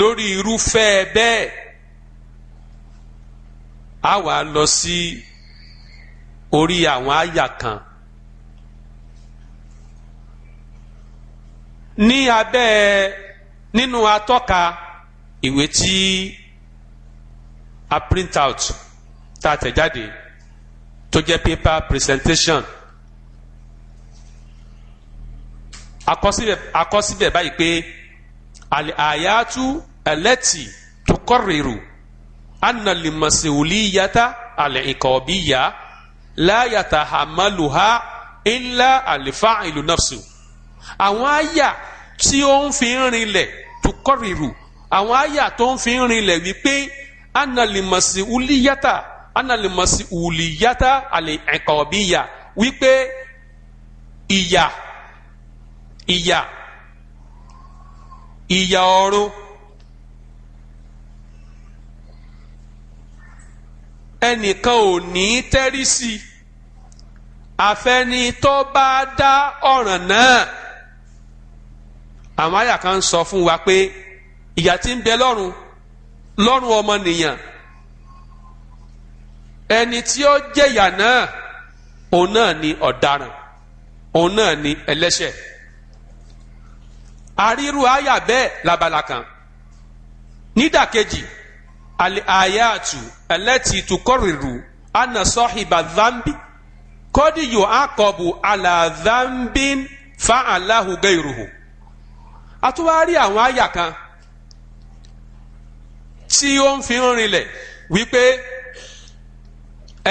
lórí irúfẹ́ bẹ́ẹ̀ a wà lọ sí orí àwọn àyà kan ní abẹ́ nínú atọ́ka ìwé tí a print out tá a tẹ̀ tó jẹ́ paper presentation àkọsílẹ̀ àkọsílẹ̀ báyìí pé al-ayatu allati tuqarriru anna al-mas'uliyata al-iqabiyya la yatahammaluha illa al-fa'ilu nafsu àwọn àyà tí ó ń fi rinlẹ̀ tuqarriru àwọn àyà tó ń fi rinlẹ̀ wípé anna al-mas'uliyata anna masuliyata al wípé ìyà ìyà ìyà ọ̀run ẹnìkan ò ní tẹ́rí sí i àfẹni tó bá dá ọ̀ràn náà àwọn àyà kan sọ fún wa pé ìyà tí ń bẹ lọ́run lọ́run ọmọnìyàn ẹni tí ó jẹ̀yà náà òun náà ni ọ̀daràn òun náà ni ẹlẹ́ṣẹ̀. àrírù àyà bẹ́ẹ̀ labala kan nídàkejì àyàtù ẹlẹ́tì tukọ̀rìrù anasọ́hìbà dhambi kọ́díyò àkọ́bù àlàdhambin fa aláhùgẹ́ ìrùhù àtúwárí àwọn àyà kan tí ó ń fi rinlẹ̀ wípé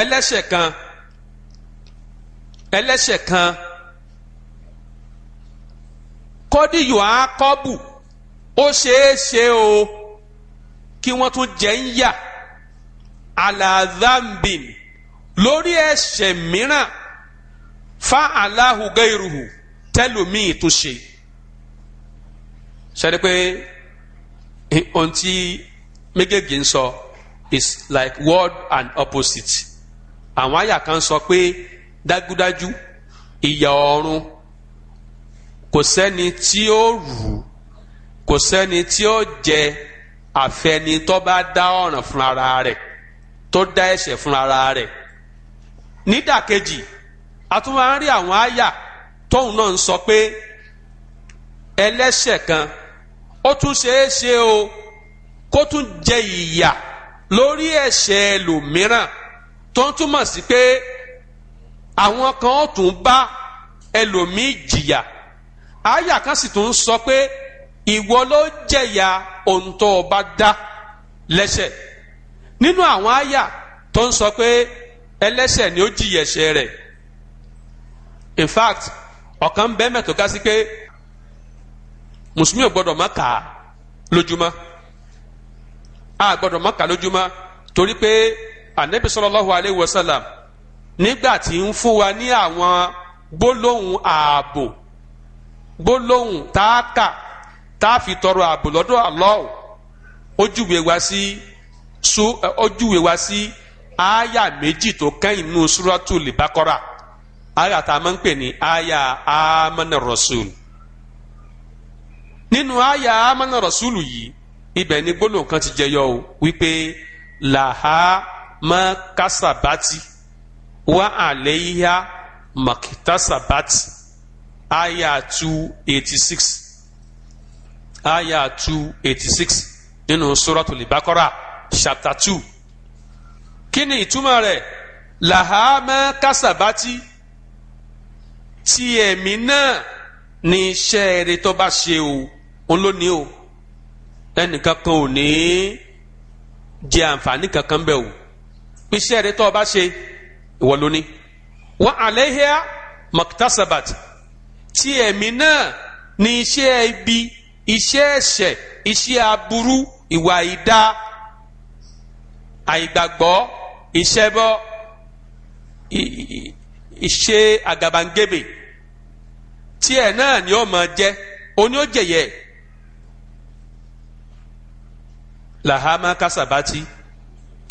ẹlẹ́ṣẹ̀ kan kan. kọ́díyò á kọ́bù ó ṣeé ṣe o kí wọ́n tún jẹ́ ń yà alazambin lórí ẹ̀ṣẹ̀ mìíràn fa aláhu gairuhu tẹlòmíì tó ṣe ṣe é pé ohun tí méjèèjì ń sọ is like word and opposite àwọn àyà kan sọ pé dájúdájú ìyà ọ̀run kò sẹ́ni tí ó rù kò sẹ́ni tí ó jẹ àfẹni tó bá dá ọ̀ràn fún ara rẹ̀ tó dá ẹ̀ṣẹ̀ fún ara rẹ̀ nídàkejì a tún máa ń rí àwọn àyà tóun náà ń sọ pé ẹlẹ́ṣẹ̀ kan ó tún ṣeé ṣe o kó tún jẹ ìyà lórí ẹ̀ṣẹ̀ ẹlòmíràn tó ń túmọ̀ sí pé àwọn kan ó tún bá ẹlòmíì jìyà àyà kan sì tún sọ pé ìwọ ló jẹ̀yà ohun tó o bá dá lẹ́ṣẹ̀ nínú àwọn àyà tó ń sọ pé ẹlẹ́ṣẹ̀ ni ó jìyà ẹ̀ṣẹ̀ rẹ̀ in fact ọ̀kan bẹ́ẹ̀ mẹ́tò ká sí pé mùsùlùmí ò gbọ́dọ̀ má kà á lójúmọ́ a gbọ́dọ̀ má kà á lójúmọ́ torí pé anabi sallallahu alayhi wa sallam nígbà tí ń fún wa ní àwọn gbólóhùn ààbò gbólóhùn tá a kà tá a tọrọ ààbò lọ́dọ̀ Allah ojúwe wa sí su ojúwe wa sí aya méjì tó kẹ́yìn nínú Suratul Baqara aya tá a máa ń pè ní aya amana rasul nínú aya amana rasul yìí ibẹ̀ ni gbólóhùn kan ti jẹyọ o wípé làhá mọ kásábátì wà àlẹ́ yíyá mọ̀kítàsábátì. Ayah two eighty six Ayah two eighty six nínú suratul Baqara chapter two kí ni ìtumọ̀ rẹ̀ làhámẹ́ kásábátì tí ẹ̀mí náà ní iṣẹ́ eré tó bá ṣe o òun ló ní o ẹnìkan kan ò ní jẹ àǹfààní kankan bẹ́ẹ̀ o iṣẹ́ eré tó bá ṣe ìwọ ló ní wa alayha maktasabat ti ẹ̀mí náà ni iṣẹ́ ibi iṣẹ́ ẹ̀ṣẹ̀ iṣẹ́ aburú ìwà ìdá àìgbàgbọ́ ìṣẹ́bọ ìṣe àgàbàǹgebè tí ẹ̀ náà ni ó máa jẹ́ oní ó jẹ̀yẹ̀ làhámà kásábátì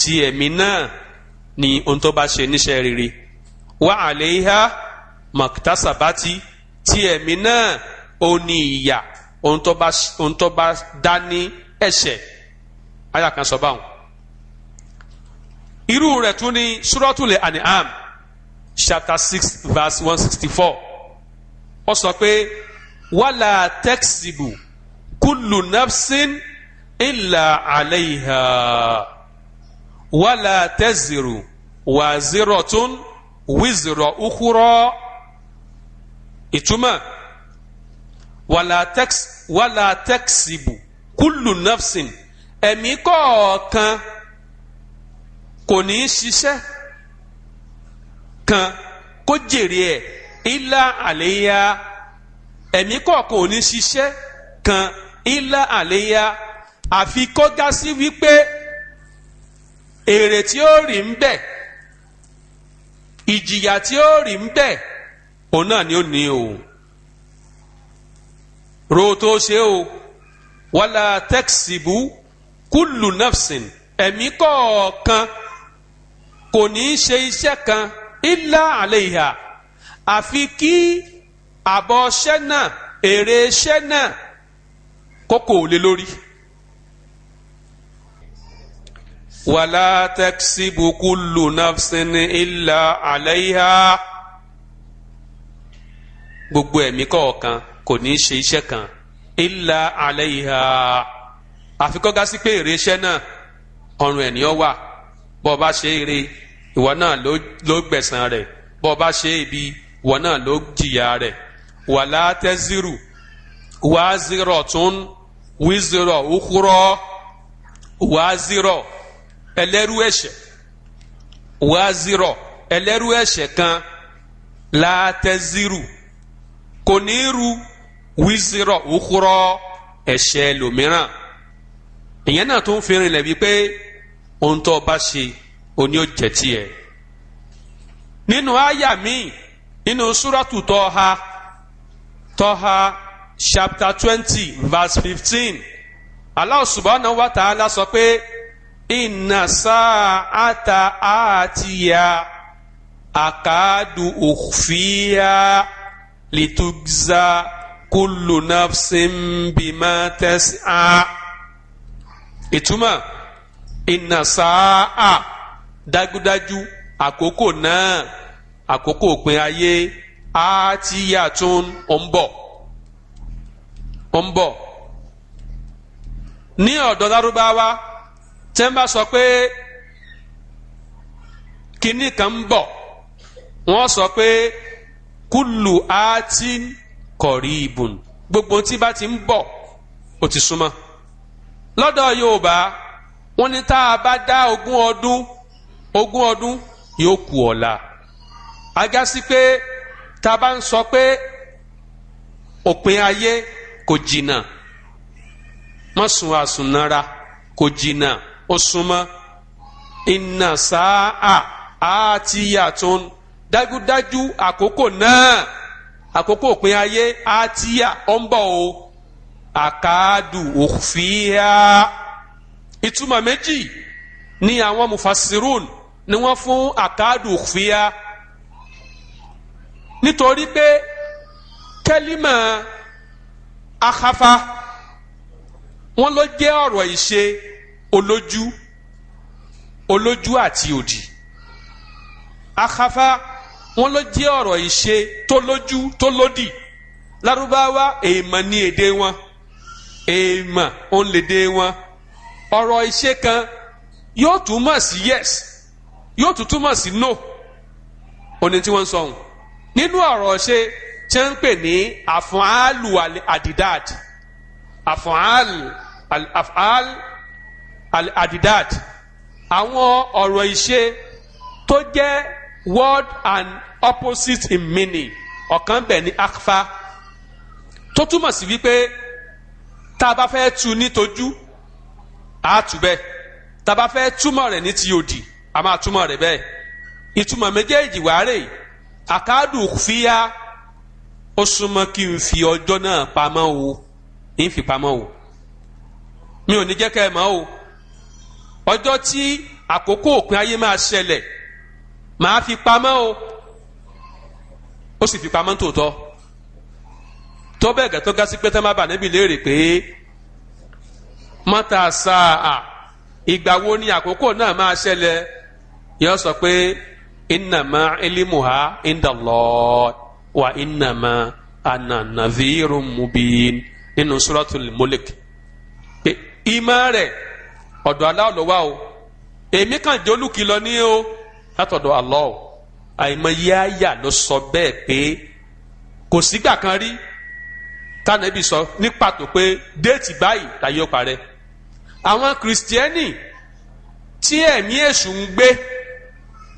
tí ẹ̀mí náà ni ohun tó bá ṣe níṣẹ́ rere wà àléhà mọ̀tàsábátì ti ẹ̀mí náà òun ni ìyà òun tó bá dá ní ẹ̀ṣẹ̀ àyà kan sọ báwọn. irú rẹ̀ tún ni suratul An'am chapter six verse one sixty four ó sọ pé wàlà tẹ́kisìbù kullu nafsin illa alayha wàlà tẹ́zìrù wàzírọ̀tún wízírọ̀ ukhra ìtumọ̀ wàlà tẹ́kisìbù kúlù nọ́fsìn ẹ̀mí kọ̀ọ̀kan kò ní í ṣiṣẹ́ kan kó jèrè ẹ̀ ilá àléyá ẹ̀mí kọ̀ọ̀kan ò ní í ṣiṣẹ́ kan ilá àléyá àfi kó já sí wípé èrè tí ó rí ń bẹ ìjìyà tí ó rí ń bẹ òun náà ni ó ní o ro tó ṣe o wàlà tẹ́kisìbù kúlù nafsin ẹ̀mí kọ̀ọ̀kan kò ní í ṣe iṣẹ́ kan ilá àlehà àfi kí àbọ̀ ṣẹ́ náà èrè ṣẹ́ náà kókò lé lórí. wàlà tẹ́kisìbù kúlù nafsin ilá àlehà gbogbo ẹ̀mí kọ̀ọ̀kan kò ní í ṣe iṣẹ́ kan illa alayha àfikọ́gá sí pé èrè iṣẹ́ náà ọrùn ẹ̀ ní ọ wà bọ́ ọ bá ṣe èrè ìwọ náà ló gbẹ̀san rẹ̀ bọ́ ọ bá ṣe ibi ìwọ náà ló jìyà rẹ̀ wàlá tẹ́zírù wá zírọ̀ tún wí zírọ̀ òkúrọ̀ wá zírọ̀ ẹlẹ́rú ẹ̀ṣẹ̀ wá zírọ̀ ẹlẹ́rú ẹ̀ṣẹ̀ kan látẹ́zírù kò ní ru wíṣírọ̀ òkúrọ̀ ẹ̀ṣẹ̀ lòmíràn ìyẹn náà tó ń fi rinlẹ̀ wípé ohun tó bá ṣe oní ó jẹ́ tiẹ̀ nínú àyà míì nínú súrọ́tù tọ́ha tọ́ha chapter twenty verse fifteen Allah subhanahu a ta'ala sọ pé inna sa'ata atiya akadu ukhfiya litugza kullu nafsin bima tas'a ìtumọ̀ inna sa'a dájúdájú àkókò náà àkókò òpin ayé àtìyàtún ó ń bọ̀ ó ń bọ̀ ní ọ̀dọ̀ lárúbáwá tẹ́ ń sọ pé kinní kan ń bọ̀ wọ́n sọ pé. kulu áátì kọ̀rí ibùn gbogbo tí bá ti ń bọ̀ ó ti súnmọ́ lọ́dọ̀ Yorùbá wọ́n ní tá a bá dá ogún ọdún ogún ọdún yóò kù ọ̀la ajá sí pé tá a bá ń sọ pé òpin ayé kò jìnnà mọ́sùn àsùnnára kò jìnnà ó súnmọ́ iná sáà àtìyà tó dájúdájú àkókò náà àkókò òpin ayé àtìyà ọ̀nbọ̀ o àkáàdù òfìyà ìtumọ̀ méjì ni àwọn mufasirun ni wọ́n fún àkáàdù òfìyà nítorí pé kẹ́límà akhafa wọ́n ló jẹ́ ọ̀rọ̀ ìṣe olójú olójú àti òdì akhafa wọ́n ló jẹ́ ọ̀rọ̀ ìṣe tó lójú tó lódì lárúbáwá èèmọ̀ ni èdè wọn èèmọ̀ òun lèdè wọn ọ̀rọ̀ ìṣe kan yóò túmọ̀ sí yes yóò tún túmọ̀ sí no òní tí wọ́n ń sọ̀hún nínú ọ̀rọ̀ ṣe tí wọ́n ń pè ní àfọ̀hálù àdìdáàd àfọ̀hálù àdìdáàd àwọn ọ̀rọ̀ ìṣe tó jẹ́ word and opposite in meaning ọ̀kan bẹ̀ ní akfa tó túmọ̀ sí wípé tá a bá fẹ́ tu ní tojú a tù bẹ́ẹ̀ tá a bá fẹ́ túmọ̀ rẹ̀ ní ti òdì a máa túmọ̀ rẹ̀ bẹ́ẹ̀ ìtumọ̀ méjèèjì wàárẹ̀ àkádù fíyà ó súnmọ́ kí n fi ọjọ́ náà pamọ́ o ń fi pamọ́ o mi ò ní jẹ́ kẹ́ ẹ mọ̀ o ọjọ́ tí àkókò òpin ayé máa ṣẹlẹ̀ màá fi pamọ́ o ó sì fi pamọ́ tòótọ́ tó bẹ́ẹ̀ gẹ́ tó ga sí pé tẹ́ má bà níbi léèrè pé mọ́tà sáà ìgbà wo ni àkókò náà máa ṣẹlẹ̀ yóò sọ pé innama ilmuha indallah wa innama ana nadhirun mubin nínú suratul mulk pé ìmọ̀ rẹ̀ ọ̀dọ̀ Allah ló wà o èmi kàn jẹ́ olùkìlọ̀ ní o. látọ̀dọ̀ Allah àìmọye àyà ló sọ bẹ́ẹ̀ pé kò sígbà kan rí tànàbí sọ ní pàtó pé déètì báyìí láyé ó parẹ́ àwọn kìrìsìtẹ́nì tí ẹ̀mí èṣù ń gbé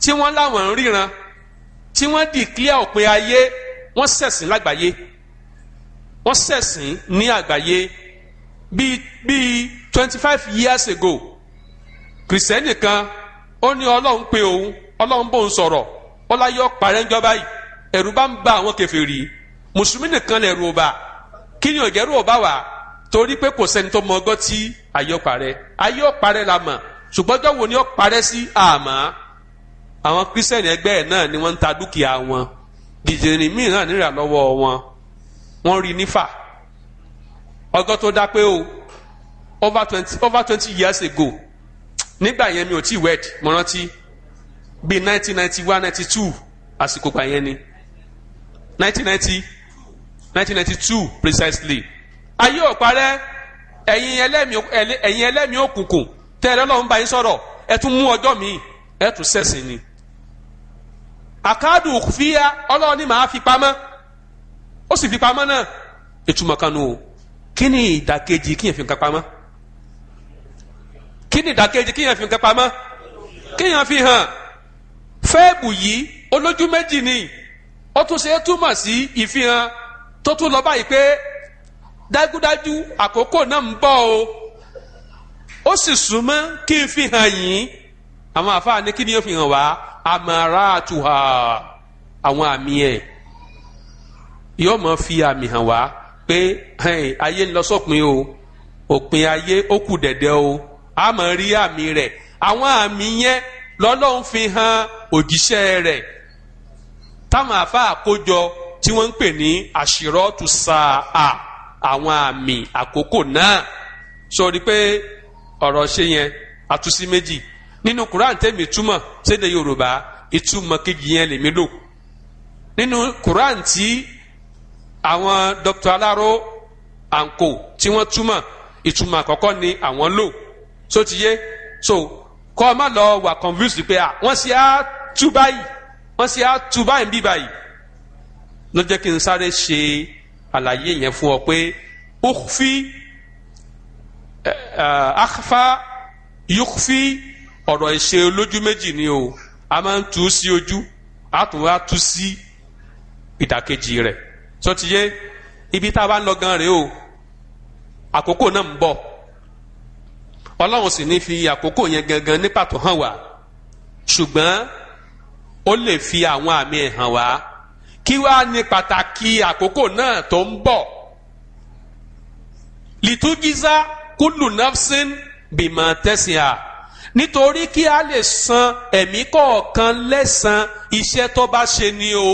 tí wọ́n láwọn ń ríran tí wọ́n dìklíà òpin ayé wọ́n ṣẹ̀sìn lágbàáyé wọ́n ṣẹ̀sìn ní àgbáyé bíi bíi twenty five years ago kìrìsìtẹ́nì kan ó ní ọlọ́run pé òun ọlọ́run bò ń sọ̀rọ̀ ọlá yọ parẹ́ ń jọba yìí ẹ̀rù bá ń ba àwọn kèfèrí mùsùlùmí nìkan lẹ̀rù ọba kí ni òjẹ́rù ọba wà torí pé kò sẹ́ni tó mọ ọgọ́ tí ayọ́parẹ́ ayọ́parẹ́ la mọ̀ ṣùgbọ́n ọjọ́ wo ni ó parẹ́ sí àmọ́ àwọn kírísítẹ́nì ẹgbẹ́ ẹ̀ náà ni wọ́n ń ta dúkìá wọn dìjìnrín míì náà nírà lọ́wọ́ wọn wọ́n rí nífà ọgọ́ tó dá pé o over twenty over twenty years ago nígbà yẹn mi ò tí wed mo rántí bíi 1991, ninety one ninety two àsìkò gbà yẹn ni nineteen ninety precisely ayé ò parẹ́ ẹ̀yin ẹlẹ́mìí ẹ̀yin ẹlẹ́mìí òkùnkùn tẹ́ ẹ lọ́lọ́run bá yín sọ̀rọ̀ ẹ tún mú ọjọ́ mi ẹ tún sẹ̀sìn ni àkáàdù fíya ọlọ́run ni màá fi pamọ́ ó sì fi pamọ́ náà ìtumọ̀ kan nù o kí ni ìdàkejì kí yẹn fi nǹkan pamọ́ kí ni ìdàkejì kí yẹn fi nǹkan pamọ́ kí yẹn fi hàn fẹ́ẹ̀bù yìí olójú méjì ni ó tún ṣe é túmọ̀ sí ìfihàn tó tún lọ báyìí pé dájúdájú àkókò náà ń bọ̀ o ó sì súnmọ́ kí n fi hàn yín àwọn àfáà ní kí ni ó fi hàn wá àmàrà àtùhà àwọn àmì ẹ̀ yóò mọ̀ fi àmì hàn wá pé ayé ń lọ sópin o òpin ayé ó kù dẹ̀dẹ̀ o a rí àmì rẹ̀ àwọn àmì yẹn lọ́lọ́run fi hàn òjíṣẹ́ rẹ̀ táwọn àfa àkójọ tí wọ́n ń pè ní àṣírọ́tù sáà àwọn àmì àkókò náà sọ rí pé ọ̀rọ̀ ṣe yẹn àtúnṣí méjì nínú Quran tẹ̀mí túmọ̀ sédè Yorùbá ìtumọ̀ kejì yẹn lèmi lò nínú Quran tí àwọn Dr. Aláró àǹkò tí wọ́n túmọ̀ ìtumọ̀ àkọ́kọ́ ni àwọn lò sótìyé so kọ́ ọ má lọ wà confused pé à ah, wọ́n sì á tú báyìí wọ́n sì á tú báyìí bí báyìí ló kí n sáré ṣe àlàyé yẹn fún ọ pé ukhfi eh, eh, akhfa yukhfi ọ̀rọ̀ ìṣe olójú méjì ni o a máa ń tú sí ojú a tún wá tú sí ìdàkejì rẹ̀ sọ ti yé ibi tá a bá ń lọ gan rèé o àkókò náà ń bọ̀ ọlọ́run sì ní fi àkókò yẹn gangan ní pàtó hàn wá ṣùgbọ́n ó lè fi àwọn àmì ẹ̀ hàn wá kí wàá ní pàtàkì àkókò náà tó ń bọ̀ lìtújísá kúlù nafsin bìmọ̀ tẹ̀sìn à nítorí kí a lè san ẹ̀mí kọ̀ọ̀kan lẹ́san iṣẹ́ tó bá ṣe ni o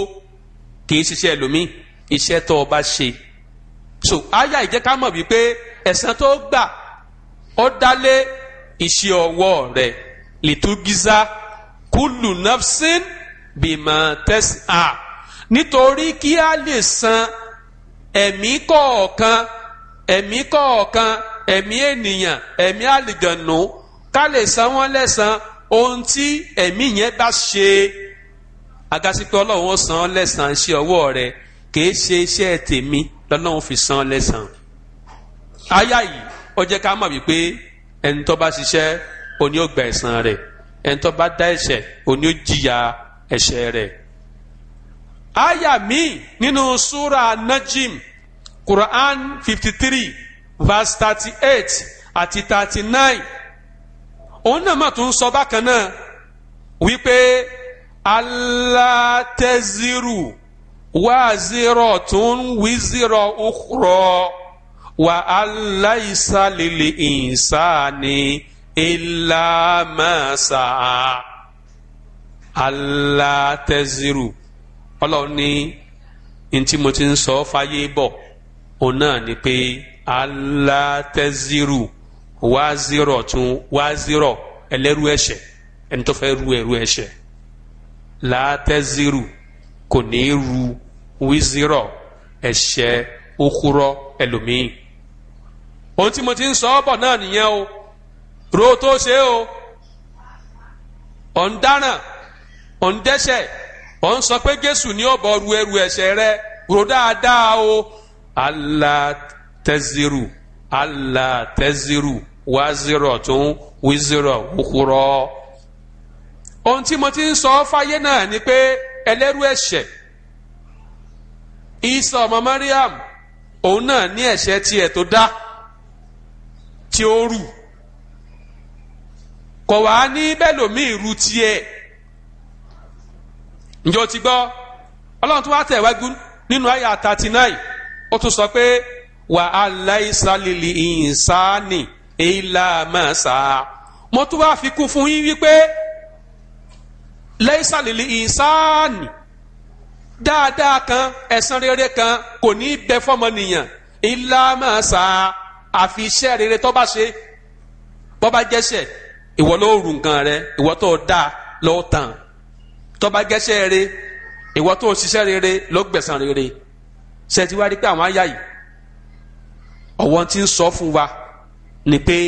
kì í ṣiṣẹ́ ẹlòmíì iṣẹ́ tó bá ṣe so àyà ìjẹ́ ká mọ̀ wípé ẹ̀san tó gbà ó dálé iṣẹ́ ọwọ́ rẹ̀ lìtúgísà kúlù nafsin bímọ tẹsí à nítorí kí a lè san ẹ̀mí kọ̀ọ̀kan ẹ̀mí kọ̀ọ̀kan ẹ̀mí ènìyàn ẹ̀mí àlìgànnú ká lè san wọ́n lẹ́san ohun tí ẹ̀mí yẹn bá ṣe agasipe Ọlọ́run san án lẹ́san iṣẹ́ ọwọ́ rẹ̀ kìí ṣe iṣẹ́ tèmi lọ́lọ́run fi san án aya yìí ó jẹ́ ká mọ̀ wípé ẹni tó bá ṣiṣẹ́ òní ó gba ẹ̀san rẹ̀ ẹni tó bá dá ẹ̀ṣẹ̀ òní ó jìyà ẹ̀ṣẹ̀ àyà míì nínú súra najim quran fifty three verse thirty eight àti thirty nine òun náà mà tún sọ bákan náà wípé alátẹ́zírù wá zírọ̀ tún wí zírọ̀ òkúrọ̀ wa aláìsá lèlè ìsáni ìlàmásá alátẹ́zírù ọlọ́run ní ntí mo ti ń sọ fáyé bọ̀ òun náà ni pé alátẹ́zírù wá zírọ̀ tún wá zírọ̀ ẹlẹ́rú ẹ̀ṣẹ̀ ẹni tó fẹ́ ru ẹ̀rú ẹ̀ṣẹ̀ látẹ́zírù kò ní í ru wízírọ̀ ẹ̀ṣẹ̀ òkúrọ̀ ẹlòmíì ohun tí mo ti ń sọ ọ́ bọ̀ náà nìyẹn o ro tó ṣe o ọ̀ ń dáràn ọ̀ ń dẹ́ṣẹ̀ ọ̀ ń sọ pé Jésù ni ó ru ẹrù ẹ̀ṣẹ̀ rẹ ro dáadáa o Allah tẹ́zirù Allah tẹ́zirù wazirọ̀ tún wizirọ̀ wúkúrọ̀ ohun tí mo ti ń sọ fáyé náà ni pé ẹlẹ́rú ẹ̀ṣẹ̀ Isa ọmọ Mariam òun náà ní ẹ̀ṣẹ̀ tiẹ̀ tó dá tí ó rù kò wá ní bẹ́lòmíì ru tiẹ̀ ǹjẹ́ o ti gbọ́ ọlọ́run tó wá tẹ̀ wá gún nínú àyà thirty nine ó tún sọ pé wà á láìsàlìlì ìsáni ìlà máa mo tún wá fi fún yín wípé láìsàlìlì ìsáni dáadáa kan ẹ̀san rere kan kò ní í bẹ fọmọnìyàn ìlà máa àfi iṣẹ́ rere tó bá ṣe bó bá jẹ́ṣẹ̀ ìwọ ló rù nǹkan rẹ ìwọ tó dáa ló tàn tó bá jẹ́ṣẹ̀ rere ìwọ tó ṣiṣẹ́ rere ló gbẹ̀san rere ṣe ti wá rí pé àwọn àyà yìí ọ̀wọ́n ti ń sọ fún wa ni pé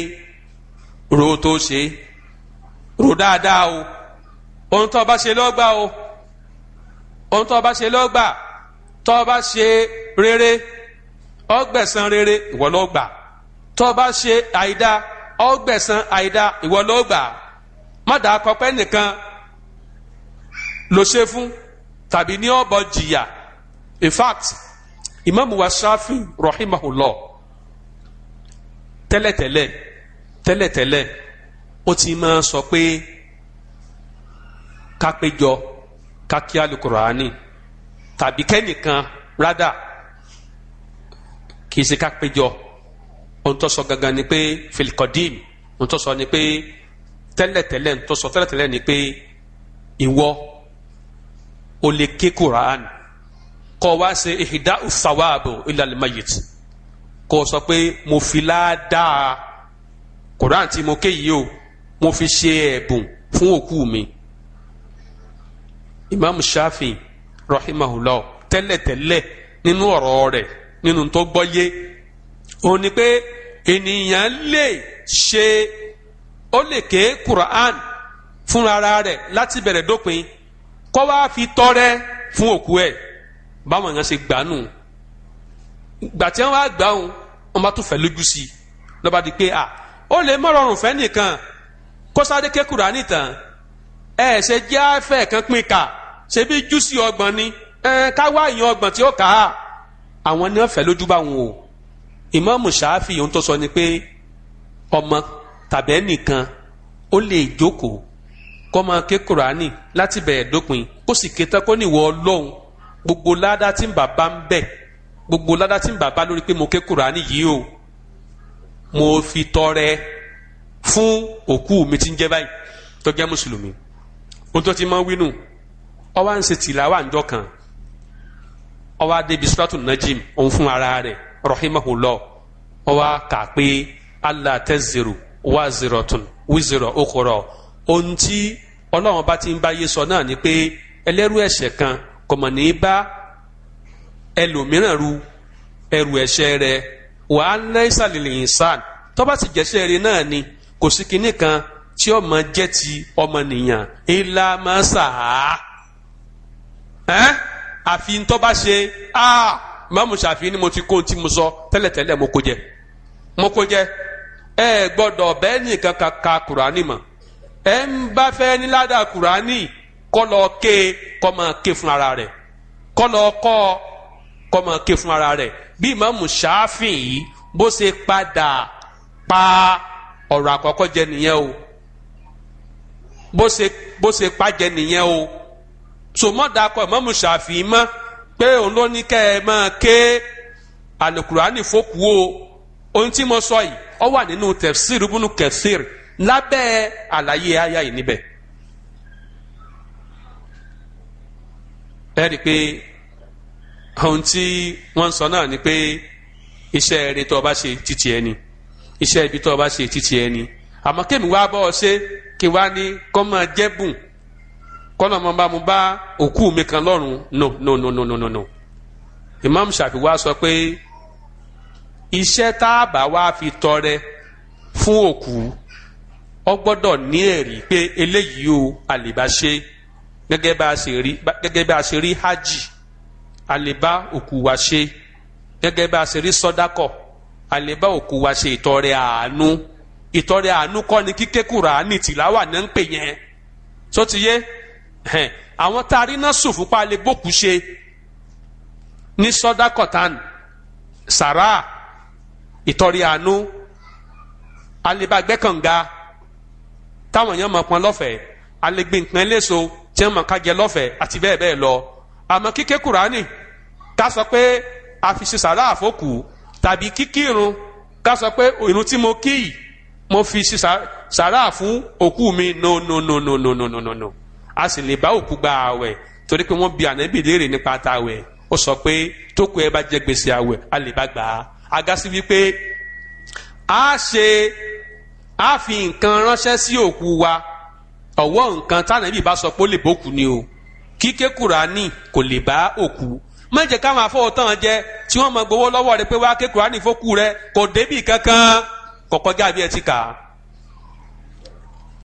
ro tó ṣe ro dáadáa o ohun tó bá ṣe lọ́gbà o ohun tó bá ṣe lọ́gbà tó bá ṣe rere ó rere ìwọ ló tó o bá ṣe àìda ọgbẹ̀sán àìda ìwọ ló gbà má dàá kọpẹ́ nìkan ló ṣe fún tàbí ní ọ̀bọ jìyà in fact imaamu wa Shafi rahimahullah tẹ́lẹ̀tẹ́lẹ̀ tẹ́lẹ̀tẹ́lẹ̀ ó ti máa sọ pé kápéjọ kákí alukurani tàbí kẹ́nìkan rádà kì í ṣe kápéjọ ohun tó sọ gangan ni pé filikodim ohun tó sọ ni pé tẹ́lẹ̀tẹ́lẹ̀ ohun tó ni pé ìwọ o lè ké Quran kọ́ wá ṣe ìhìdá ìsàwáàbò ilal mayit kó o mo fi láadáa Quran tí mo ké yìí o mo fi ṣe ẹ̀bùn fún òkú mi Imam Shafi rahimahullah tẹ́lẹ̀tẹ́lẹ̀ nínú ọ̀rọ̀ rẹ̀ nínú tó gbọ́yé òun ni pé ènìyàn lè ṣe ó lè ké Quran fúnra rẹ̀ láti bẹ̀rẹ̀ dópin kó wá fi tọrẹ fún òkú ẹ̀ báwọn èèyàn ṣe gbà nù gbà tí wọn wá gbà wọn wọn bá tún fẹ́ lójú sí i lọba di pé a ó lè mọ rọrùn fẹ́ nìkan kó sáré ké Kùránì tán ẹ ṣe jẹ afẹ kan pín ká ṣe bí júùsì ọgbọ̀n ni ẹ ká wá ìyẹn ọgbọ̀n tí ó kà á àwọn ni wọn fẹ́ lójú bá o ìmáàmù ṣááfì ohun tó sọ ni pé ọmọ tàbí ẹnìkan ó lè jókòó kó máa ké kúránì láti bẹ̀rẹ̀ dópin kó sì ké tán kó níwọ ọlọ́run gbogbo ládá tí ń bàbá ń bẹ̀ gbogbo ládá tí ń bàbá lórí pé mo ké kúránì yìí o mo fi tọrẹ fún òkú mi tí ń jẹ́ báyìí tó mùsùlùmí ohun ti máa wínú ó ń ṣe tìlàwà ńjọ́ kan ó débi sùràtù nájìm òun fún ara rẹ̀ rahimahullah wọ́n wá kà pé allah tẹ́zìrù wá zìrọ̀ tún wízìrọ̀ okòrọ̀ ohun tí ọlọ́run bá ti ń báyé sọ náà ni pé ẹlẹ́rú ẹ̀ṣẹ̀ kan kò mọ̀ ní bá ẹlòmíràn ru ẹrù ẹ̀ṣẹ̀ rẹ̀ wàá ná ìsàlẹ̀ ìsàn tó bá sì jẹ́ṣẹ̀ rẹ̀ náà ni kò sí kinní kan tí ọmọ jẹ́ ti ọmọnìyàn ìlà máa sàá ẹ́ àfi ń tó bá ṣe áà. mamu ṣàfi ni mo ti kó ti mu sọ tẹ́lẹ̀tẹ́lẹ̀ mo kó jẹ mo kó jẹ ẹ gbọ́dọ̀ bẹ́ẹ̀ nìkan ka ka kurani mọ̀ ẹ ń bá fẹ́ ní ládà kurani kọ́ ké kọ́ máa ké fún ara rẹ̀ kọ́ lọ kọ́ kọ́ máa ké fún ara rẹ̀ bí mamu ṣàfi yìí bó ṣe padà pa ọ̀rọ̀ àkọ́kọ́ jẹ nìyẹn o bó ṣe bó ṣe pa jẹ nìyẹn o tòmọ́dà kọ́ mamu ṣàfi mọ́. pé òun ló ní kẹ́ ẹ máa ké alukurani fòkù o ohun tí mo sọ yìí ó wà nínú tafsir ibùnú kẹsìr lábẹ́ àlàyé aya yìí níbẹ̀. ẹ rí i pé ohun tí wọ́n sọ náà ni pé iṣẹ́ eré tó o bá ṣe títí ẹni iṣẹ́ ibi tó o bá ṣe títí ẹni àmọ́ kémi wá bọ́ ọ ṣe kí wá ní kọ́ máa jẹ́ bùn kọ́nà máa bá mu bá òkú mi kan lọ́rùn no no no no no no Imam Shafi wa sọ pé iṣẹ́ tá a bá wá fi tọrẹ fún òkú ọ gbọ́dọ̀ ní ẹ̀rí pé eléyìí o àlèbá ṣe gẹ́gẹ́ bá a ṣe rí hajj àlèbá òkú wa ṣe gẹ́gẹ́ bá a ṣe rí sọ́dákọ̀ àlèbá òkú wa ṣe ìtọrẹ àánú ìtọrẹ àánú kọ́ ni kíké Kùránì tìláwà náà ń pè yẹn só So àwọn tá a rí náà sùn fúnpa lè gbókù ṣe ní sọdákọtàn sàrà ìtọ́rí àánú alẹ́bàgbẹ́kànga táwọn èèyàn mọ̀ pọn lọ́fẹ̀ẹ́ alẹ́gbẹ́ nǹkan eléso tí wọ́n mọ̀ ká jẹ lọ́fẹ̀ẹ́ àti bẹ́ẹ̀ bẹ́ẹ̀ lọ àmọ́ kíké kùránì ká sọ pé àfìsí sàrà àfọ́kù tàbí kíkírun ká sọ pé ìrun tí mo kí yìí mo fi sí sàrà fún òkú mi no no no no no no no no. no a sì lè bá òkú gba àwẹ̀ torí pé wọ́n bi ànábì léèrè nípa ta àwẹ̀ ó sọ pé tó kú ẹ bá jẹ gbèsè àwẹ̀ a lè bá gbà á agasi wípé a ṣe a fi nǹkan ránṣẹ́ sí òkú wa ọ̀wọ́ nǹkan tànàbì bá sọ pé ó lè bókù ni o kíké kùránì kò lè bá òkú má káwọn afọwọ́tàn jẹ tí wọ́n mọ gbowó lọ́wọ́ rẹ pé wá ké kùránì fókù rẹ kò débì kankan kọ̀kọ́ gábí ẹ ti kà á.